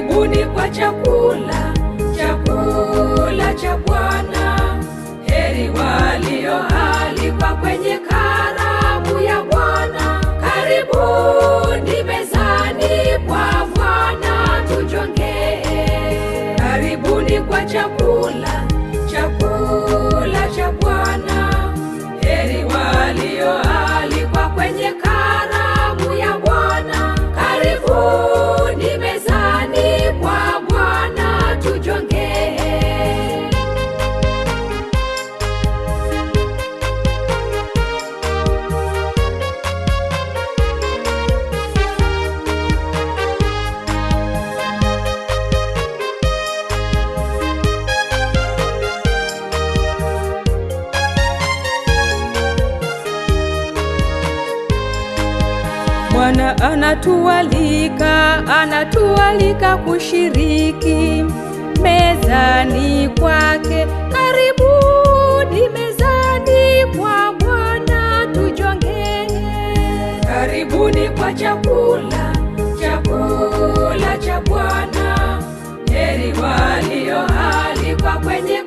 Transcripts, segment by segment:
karibuni kwa chakula, chakula cha Bwana. Heri walioalikwa kwenye Bwana anatualika, anatualika kushiriki mezani kwake. Karibuni mezani kwa Bwana tujongee, karibuni kwa chakula, chakula cha Bwana. Heri walioalikwa kwenye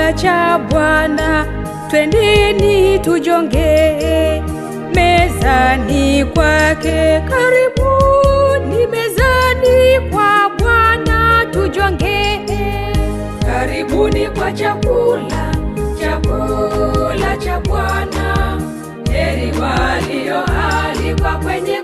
chakula cha Bwana, twendeni tujongee mezani kwake. Karibuni mezani kwa Bwana tujongee, karibuni kwa chakula, chakula cha Bwana. Heri walioalikwa kwenye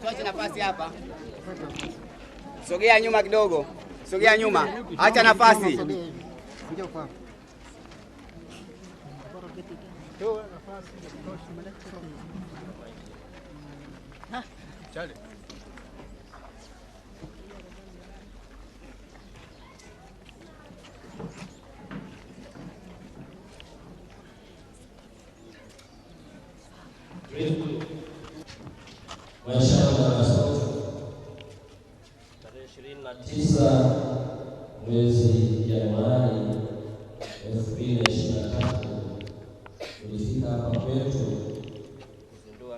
Tuache nafasi hapa. Sogea nyuma kidogo, sogea nyuma, acha nafasi. هو نفسي الكوش ملك ها تعالي Thank you.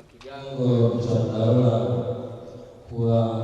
Kigango cha Mdaula kuwa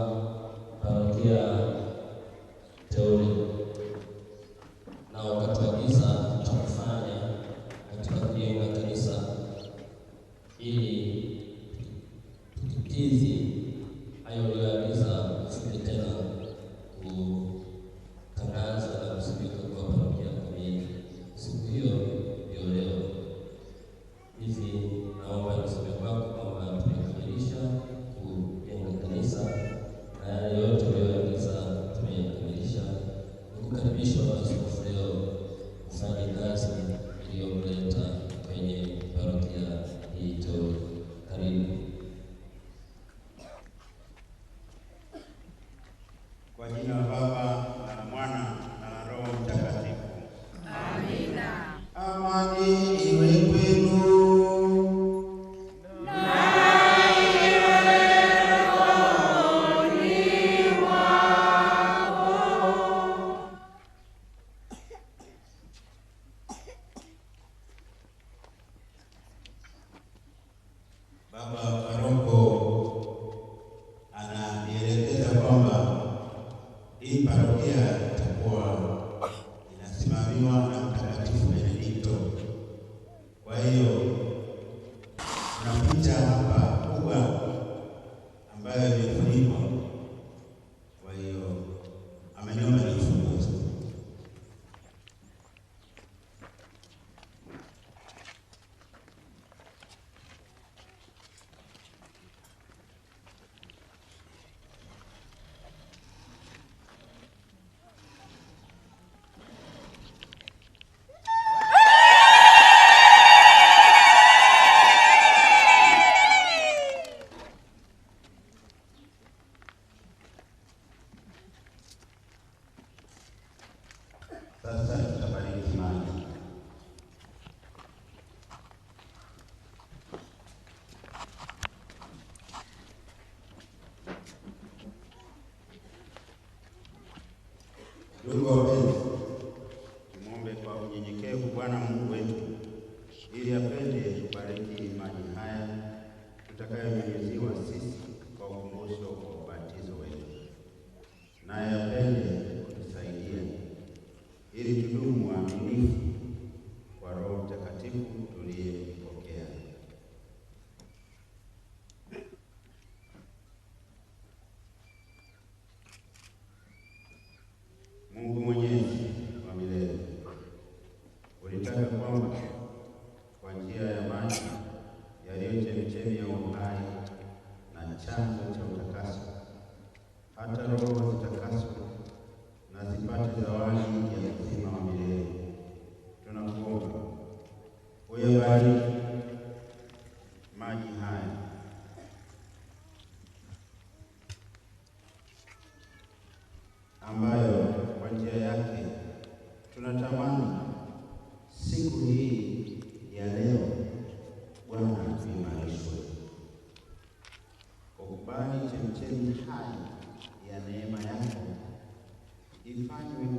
hii parokia itakuwa 德国病 Emmanuel